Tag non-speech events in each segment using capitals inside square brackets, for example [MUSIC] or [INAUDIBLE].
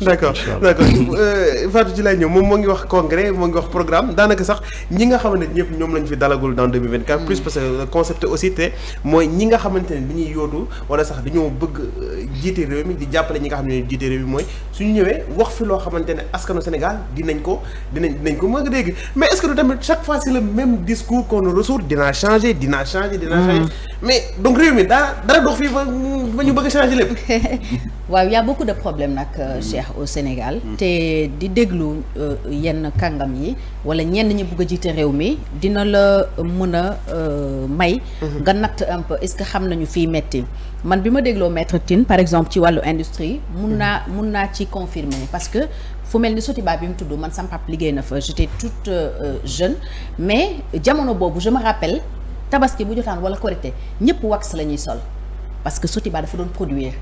d'accord d'accord euh, Fatou ci lay ñëw moom moo ngi wax congrès moo ngi wax programme daanaka sax ñi nga xamante ne ñëpp ñoom lañu fi dalagul dans 2024 mm. ne dañuy yootu wala sax dañoo bëgg euh, jiite réew mi di jàppale ñi nga xam ne jiite réew mooy suñu ñëwee wax fi xamante ne askanu Sénégal dinañ ko dinañ dinañ ko mën a dégg mais est-ce que du tamit chaque fois c'est le même discours qu'on ressource dinaa changer dinaa changer dinaa mm. changer mais donc réew mi daa dara dox fii ba ñu bëgg changer lépp [LAUGHS] waaw y' a beaucoup de problèmes nag euh, mm. Cheikh au mm. Sénégal mm. te di déglu euh, yenn kàngam yi wala ñenn ñi bugg a jiite réew mi dina la euh, mën a may mm-hmm. nga natt un peu ce que xam nañu fii metti man bi ma dégloo maître par exemple ci wàllu industrie mun naa mm-hmm. mun naa ci confirmer parce que fu mel ni Sotiba bi mu tudd man sama pap liggéey na fa j'étais toute jeune mais jamono boobu je me rappelle tabaski bu jotaan wala korité ñëpp wax la ñuy sol parce que Sotiba dafa doon produire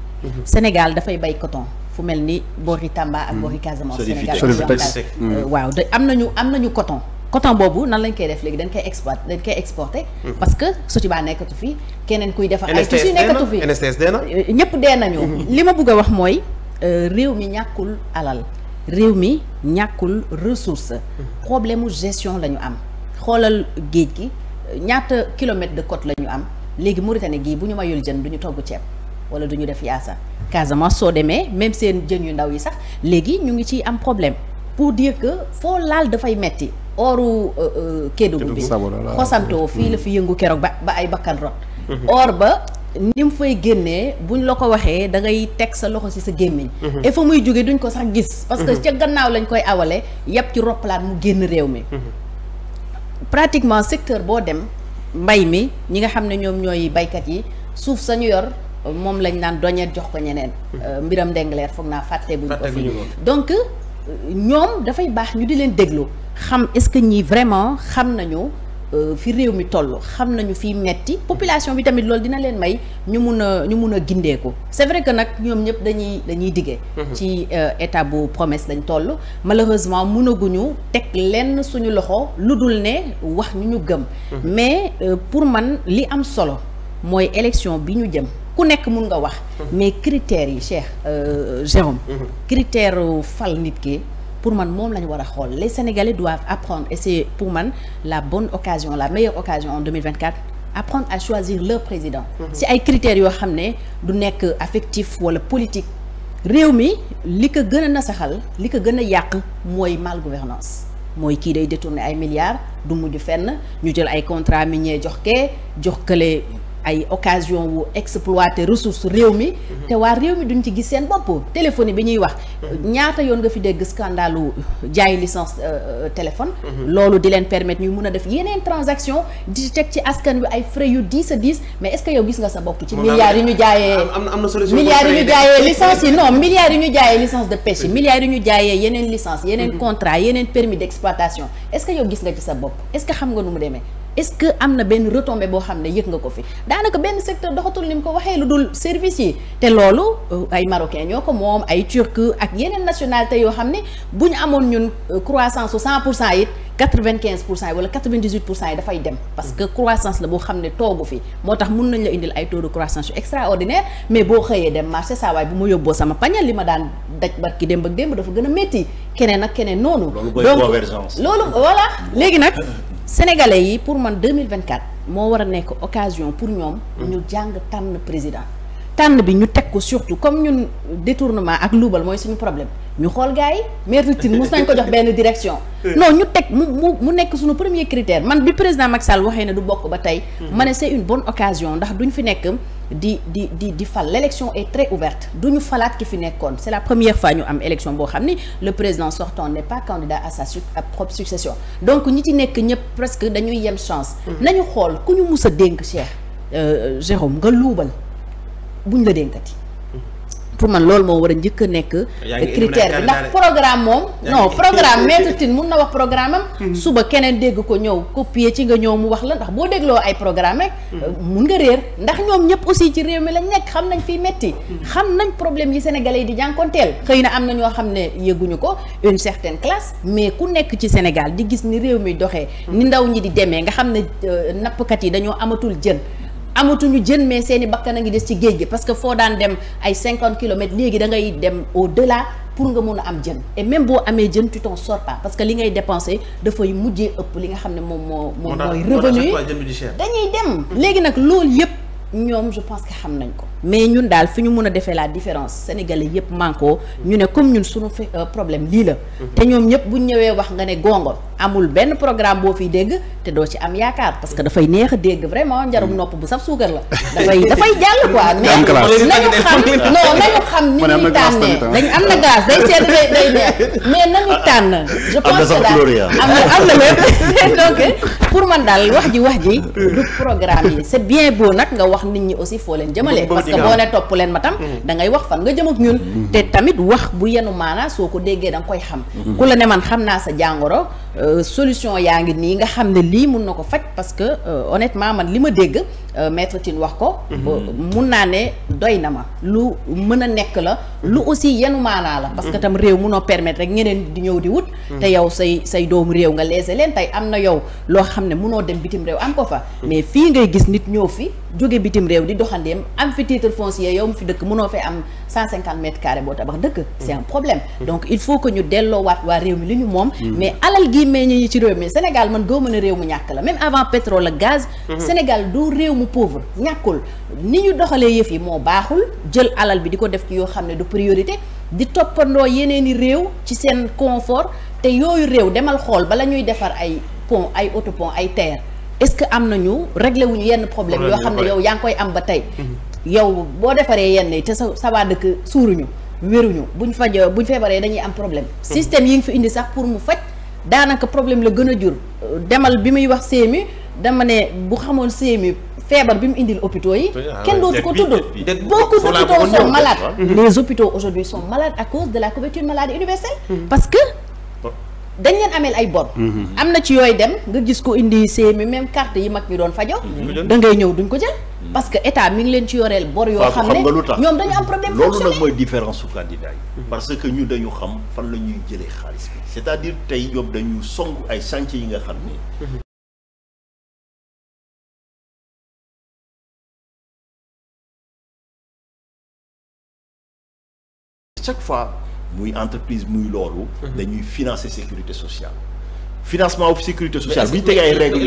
Sénégal dafay bay coton fu mel ni boori Tamba ak mm. boori Casamance Sénégal euh, mm. waaw de am nañu am nañu coton coton boobu nan lañ koy def léegi dañ koy export dañ koy exporté mm-hmm. parce que baa nekkatu fii keneen kuy defar ay tissu nekkatu fi NSTS dee euh, ñëpp dee nañu mm-hmm. li ma bëgg a wax mooy euh, réew mi ñàkkul alal réew mi ñàkkul ressource mm-hmm. problème mu gestion la ñu am xoolal géej gi ñaata kilomètre de côte la ñu am léegi Mauritanie gii bu ñu mayul jën du ñu togg ceeb wala du ñu def yaasa Casamance soo demee même seen jën yu ndaw yi sax léegi ñu ngi ciy am problème pour dire que foo laal dafay metti oru euh, euh, Kédougou bi xosantoo fii la fi yëngu keroog ba ba ay bakkan rot mhm. or ba ni mu fay génnee buñ la ko waxee da ngay teg sa loxo ci sa gémmiñ mhm. et fa muy jóge duñ ko sax gis parce que mhm. ca gannaaw lañ koy awale yàpp ci roppalaat mu génn réew mi pratiquement secteur boo dem mbay mi ñi nga xam ne ñoom ñooy baykat yi suuf sañu yor moom lañ naan doñeet jox ko ñeneen. Euh, mbiram ndengleer foog naa fàtte buñ ko fi donc euh, ñoom dafay baax ñu di leen déglu xam est-ce que ñi vraiment xam nañu euh, fi réew mi toll xam nañu fi metti population bi tamit loolu dina leen may ñu mun a ñu mun a ko c'est vrai que nag ñoom ñëpp dañuy dañuy diggee. Mhm. ci état bu promesse lañ toll malheureusement mënaguñu teg lenn suñu loxo lu dul ne wax ñu ñu gëm. Mhm. mais pour man li am solo mooy élection bi ñu jëm. ku nekk mun nga wax mais critères yi Cheikh euh, Jérôme mhm. critère fal nit ki pour man moom la ñu war a xool les Sénégalais doivent apprendre et pour man la bonne occasion la meilleure occasion en 2024 apprendre à choisir leur président mhm. si ay critères yoo xam ne du nekk affectif wala politique réew mi li ko gën a nasaxal li ko gën a yàq mooy mal gouvernance mooy kii day détourner ay milliards du mujj fenn ñu jël ay contrat mi minier jox kee jox kële ay occasion wu exploiter ressource réew mi te waa réew mi duñ ci gis seen bopp téléphone bi ñuy wax ñaata yoon nga fi dégg scandalu jaay licence euh, euh, téléphone mhm. loolu di leen permettre ñu mun a def yeneen transaction di teg ci askan wi ay frais yu diis a diis mais est-ce que yow gis nga sa bopp ci milliards yi ñu jaayee milliards yi ñu jaayee licence de pêche yi milliards yi ñu jaayee yeneen licence yeneen mhm. contrat yeneen permis d'exploitation est-ce que gis nga ci sa bopp est-ce que xam nga nu mu demee est-ce que am na benn retombée boo xam ne yëg nga ko fi daanaka benn secteur doxatul ni mu ko waxee lu dul service yi te loolu euh, ay marocain ñoo ko moom ay turc ak yeneen nationalité yoo xam ne bu ñu amoon ñun euh, croissance su cent pour cent pour cent yi wala quatre-vingt-dix-huit pour dafay dem parce que croissance la boo xam ne toogu fi moo tax mun nañ la indil ay taux de croissance yu extraordinaire mais boo xëyee dem marché saa waay bu ma yóbboo sama pañal li ma daan daj barki démb ak démb dafa gën a métti keneen ak keneen noonu donc loolu voilà léegi nag sénégalais yi pour man 2024 moo war a nekk occasion pour ñoom mm. ñu jàng tànn président tànn bi ñu teg ko surtout comme ñun détournement ak luubal mooy suñu problème ñu xool gars yi maire Tine mos nañ ko jox benn direction [LAUGHS] non ñu teg mu mu mu nekk suñu premier critère man bi président Macky Sall waxee na du bokk ba tey mm-hmm. ma ne c'est une bonne occasion ndax duñ fi nekk di di di di fal l'élection est très ouverte du ñu falaat ki fi nekkoon c'est la première fois ñu am élection boo xam ni le président sortant n'est pas candidat à sa su à succession donc ñi ci nekk ñëpp presque dañuy yem chance mm-hmm. nañu xool ku ñu mus a dénk Cheikh euh, Jérôme nga luubal buñ la dénkati pour man loolu moo war a njëkk nekk critère bi ndax programme moom non programme maître Tine mun na wax programme am hmm. suba keneen dégg ko ñëw copier ci nga ñëw mu wax la ndax boo dégloo ay programme rek hmm. euh, mun nga réer ndax ñoom ñëpp aussi ci réew mi lañ nekk xam nañ fii metti hmm. xam nañ problème yi sénégalais yi di jànkonteel xëy na am na ñoo xam ne yëguñu ko une certaine classe mais ku nekk ci Sénégal di gis ni réew mi doxee ni ndaw ñi di demee nga xam ne euh, nappkat yi dañoo amatul jën amatuñu jën mais seeni bakkan a ngi des ci géej gi parce que foo daan dem ay cinquante kilomètres léegi dangay ngay dem au la pour nga mun a am jën et même boo amee jën tu t'en parce que li ngay dépenser dafay mujjee ëpp li nga xam ne moom moo moom mooy revenu dañuy dem léegi nag loolu yëpp ñoom je pense que xam nañ ko mais ñun daal fi ñu mën a defee la différence sénégalais yëpp manko ñu ne comme ñun suñu euh, problème lii la mhm. te ñoom ñëpp buñ ñëwee wax nga ne gongo amul benn programme boo fi dégg te doo ci am yaakaar parce que dafay neex a dégg vraiment njarum nopp bu saf suukar la dafay dafay jàll quoi [LAUGHS] mais nañu xam xam ni ñuy tànnee dañ am na glace day sedd day day neex mais nañu tànn je daal am na am na lépp [LAUGHS] donc pour man daal wax ji wax ji du programme yi c'est bien beau nag nga wax nit ñi aussi foo leen jëmale que boo ne topp leen ma tam mm. da ngay wax fan nga jëm ak ñun mm. te tamit wax bu yenu maanaa soo ko déggee da nga koy xam mm. ku la ne man xam naa sa jàngoro Euh, solution yaa ngi nii nga xam ne lii mun na ko faj parce que euh, honnêtement man li ma dégg euh, maître Tine wax ko. Mhm. mun naa ne doy na ma lu mën a nekk la. lu aussi yenu maanaa la. parce que mhm. tam réew munoo permettre rek ñeneen di ñëw di wut. Mhm. te yow say say doomu réew nga leese leen tey am na yow loo xam ne munoo dem bitim réew am ko fa. mais fii ngay gis nit ñëw fi jóge bitim réew di doxandeem am fi titre foncier yow mu fi dëkk munoo fee am 150 mètres carrés boo tabax dëkk. c'est un problème donc meññ yi ci réew mi Sénégal man gëw ma a réew mu ñàkk la même avant pétrole ak gaz. Mhm. Sénégal du réew mu pauvre ñàkkul ni ñu doxalee yëf yi moo baaxul jël alal bi di ko def ci yoo xam ne du priorité di toppandoo yeneeni réew ci seen confort te yooyu réew demal xool bala ñuy defar ay pont ay autopont ay terre est-ce que am na réglé wuñu yenn problème yoo xam ne yow yaa ngi koy am ba tey. Mhm. yow boo defaree yenn yi te sa sawaa waa dëkk suuruñu wéruñu buñ faj buñ feebaree dañuy am problème. Mhm. mu faj. daanaka problème la gën a jur demal bi muy wax CMU dama ne bu xamoon CMU feebar bi mu indil hôpitaux yi ah kenn dootu ko tudd beaucoup d'hôpitaux sont malades mm-hmm. les hôpitaux aujourd'hui sont malades à cause de la couverture maladie universelle mm-hmm. parce que dañ leen ameel ay bon mm-hmm. am na ci yooy dem nga gis ko indi CMU même carte yi mag ñi doon fajo da ngay ñëw duñ ko jël Mm. parce que état mi ngi leen ci yoreel bor yoo xam ne ñoom dañu am problème loolu nag mooy différence su candidat yi mm-hmm. parce que ñu dañu xam fan la ñuy jëlee xaalis bi cest tey ñoom dañu songu ay sànc yi nga xam ne mm-hmm. chaque fois muy entreprise muy loolu mm-hmm. dañuy financer sécurité sociale financement wu sécurité sociale. bi ñu tegee ay règles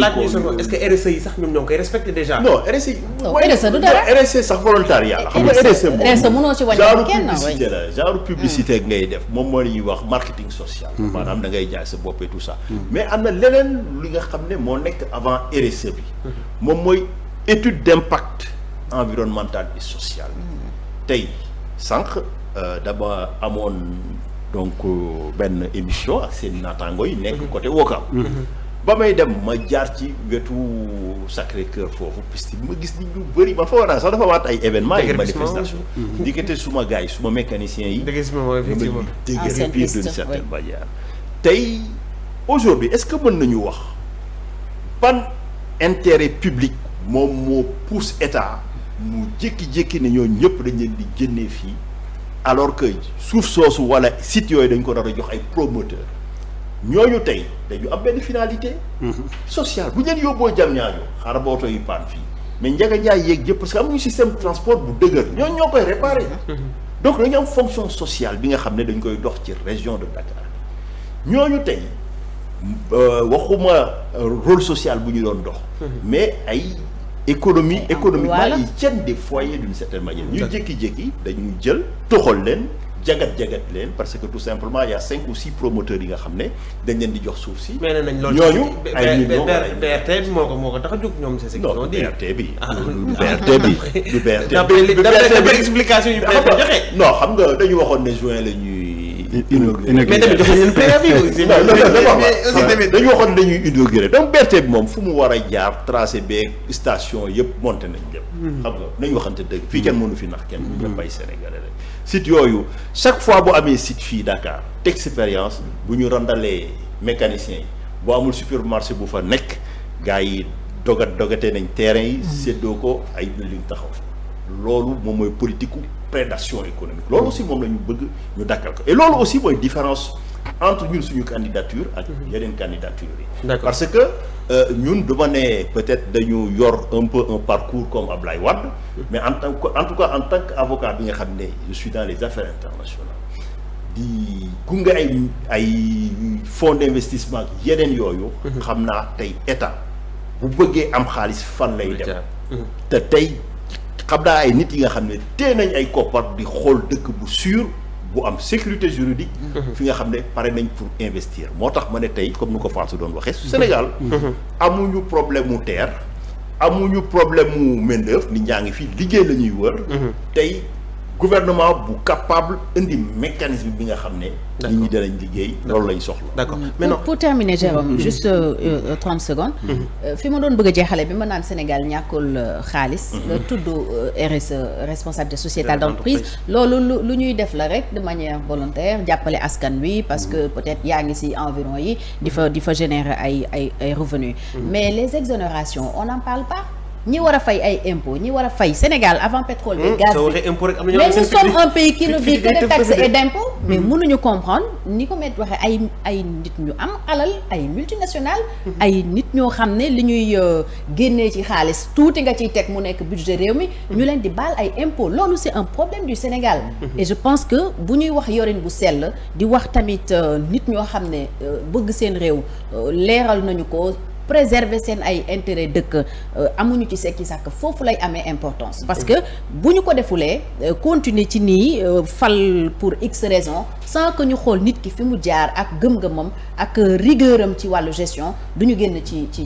est-ce que RSE yi sax ñoom ñoo ngi koy respecté déjà. non RSE yi. RSE e du dara RSE sax volontariat la. xam nga RSE e moom RSE mënoo ci wàññi kenn genre publicité la genre publicité mm. ngay def moom moo ñuy wax marketing social. Mm-hmm. maanaam da ngay jaay sa bopp et tout ça. Mm-hmm. mais am na leneen li nga xam ne moo nekk avant RSE bi. Mm-hmm. moom mooy étude d'impact environnemental et social. tey sànq euh, dama amoon. donc euh, benn émission ak seen naataango yi nekk mhm. côté Wokam mhm. ba may dem ma jaar ci wetu Sacré Cœur foofu piste bi ma gis nit ñu bëri ba fa war naa sax dafa waat ay événement ay manifestation mhm. diggante suma gars yi suma mécanicien yi ma déguerpir ah, d'une certaine manière tey aujourd'hui est-ce que mën nañu wax ban intérêt public moom moo pousse état mu jékki-jékki ne ñoo ñëpp dañ leen di génnee fii alors que suuf soosu wala site yooyu dañ ko nar a jox ay promoteur ñooñu tey dañu am benn finalité mm-hmm. sociale bu ñu leen yóbboo jam ñaajo xaaral ba oto yu paan fii mais njaga njaay yéeg jëpp parce que amuñu système de transport bu dëgër ñooñu ñoo koy réparer mm-hmm. donc dañu am fonction sociale bi nga xam ne dañ koy dox ci région de Dakar ñooñu tey euh, waxuma euh, rôle social bu ñu doon dox mm-hmm. mais ay économie économiquement voilà. de tiennent des foyers d'une certaine manière ñu jékki-jékki dañu jël toxal leen jagat-jagat leen parce que tout simplement il y a cinq ou six promoteurs yi nga xam ne dañ leen di jox suuf si ñooñu ay millions BRT bi moo ko moo ko tax a jóg ñoom c'est non bi du BRT bi du BRT bi explication yu joxe non xam nga dañu waxoon ne juin la ñuy inauguré mais tamit jox nañu préavis aussi tamit dañu waxoon dañuy inauguré donc BRT bi moom fu mu war a jaar tracé beeg station yëpp monté nañ dem hmm. xam nga nañu waxante dëgg fii hmm. kenn mënu fi nax kenn ñëppay hmm. sénégalais rek sit yooyu chaque fois bu amee site fii Dakar expérience bu ñu randalee mécanicien yi boo amul supermarché bu fa nekk gars yi dogat dogatee nañ terrain yi séddoo ko ay building taxaw loolu moom mooy politiku prédation économique loolu aussi moom la ñu bëgg ñu dakkal ko et loolu aussi mooy différence entre ñun suñu candidature ak mhm. yeneen candidature yi parce que euh, ñun duma ne peut-être dañu yor un peu un parcours comme lay Wade mhm. mais en tant que en tout cas en tant qu'avocat bi nga xam ne je suis dans les affaires internationales di gunge ay ay fonds d'investissement yeneen yooyu mhm. xam naa tey état bu bëggee am xaalis fan lay dem te tey xam naa ay nit yi nga xam ne tee nañ ay koppar di xool dëkk bu sûr bu am sécurité juridique. Mhm. fi nga xam ne pare nañ pour investir moo tax ma ne tey comme nu ko Fatou doon waxee su amu ñu problème mu terre amuñu problème mu main d'œuvre nit ñaa ngi fi liggéey la ñuy wër. Mhm. tey. gouvernement bu capable indi mécanisme bi nga xam ne. nit ñi danañ liggéey. loolu lañ soxla. d'accord mm. maintenant pour terminer Jérôme mm-hmm. juste euh, euh, trente secondes. Mm-hmm. Euh, fi ma doon bëgg a jeexale bi ma naan Sénégal ñàkkul xaalis. la tudd RSE responsabilité sociétale d'entreprise loolu lu lu ñuy def la rek de manière volontaire jàppale askan wi parce que mm-hmm. peut-être yaa ngi ci environ yi di fa di fa générer ay ay ay revenus. mais les exonérations on n'en parle pas. ñi war a fay ay impôts ñi war a fay Sénégal avant pétrole bi hmm, gaz bi mais nous sommes un pays qui ne vit que de taxes et d'impôts hmm. mais mënuñu comprendre ni ko met waxee ay ay nit ñu am alal ay multinationales hmm. ay nit ñoo xam ne li ñuy euh, génnee ci xaalis tuuti nga ciy teg mu nekk budget réew mi ñu leen di baal ay impôts loolu c'est un problème du Sénégal et je pense que bu ñuy wax yorin bu sell di wax tamit euh, nit ñoo xam ne euh, bëgg seen réew leeral nañu ko préserver seen ay intérêt dëkk euh, amuñu ci sekki sàkk foofu lay amee importance parce que bu ñu ko defulee euh, continuer ci nii euh, fal pour x raison sans que ñu xool nit ki fi mu jaar ak gëm-gëmam ak rigueuram ci wàllu gestion du ñu génn ci ci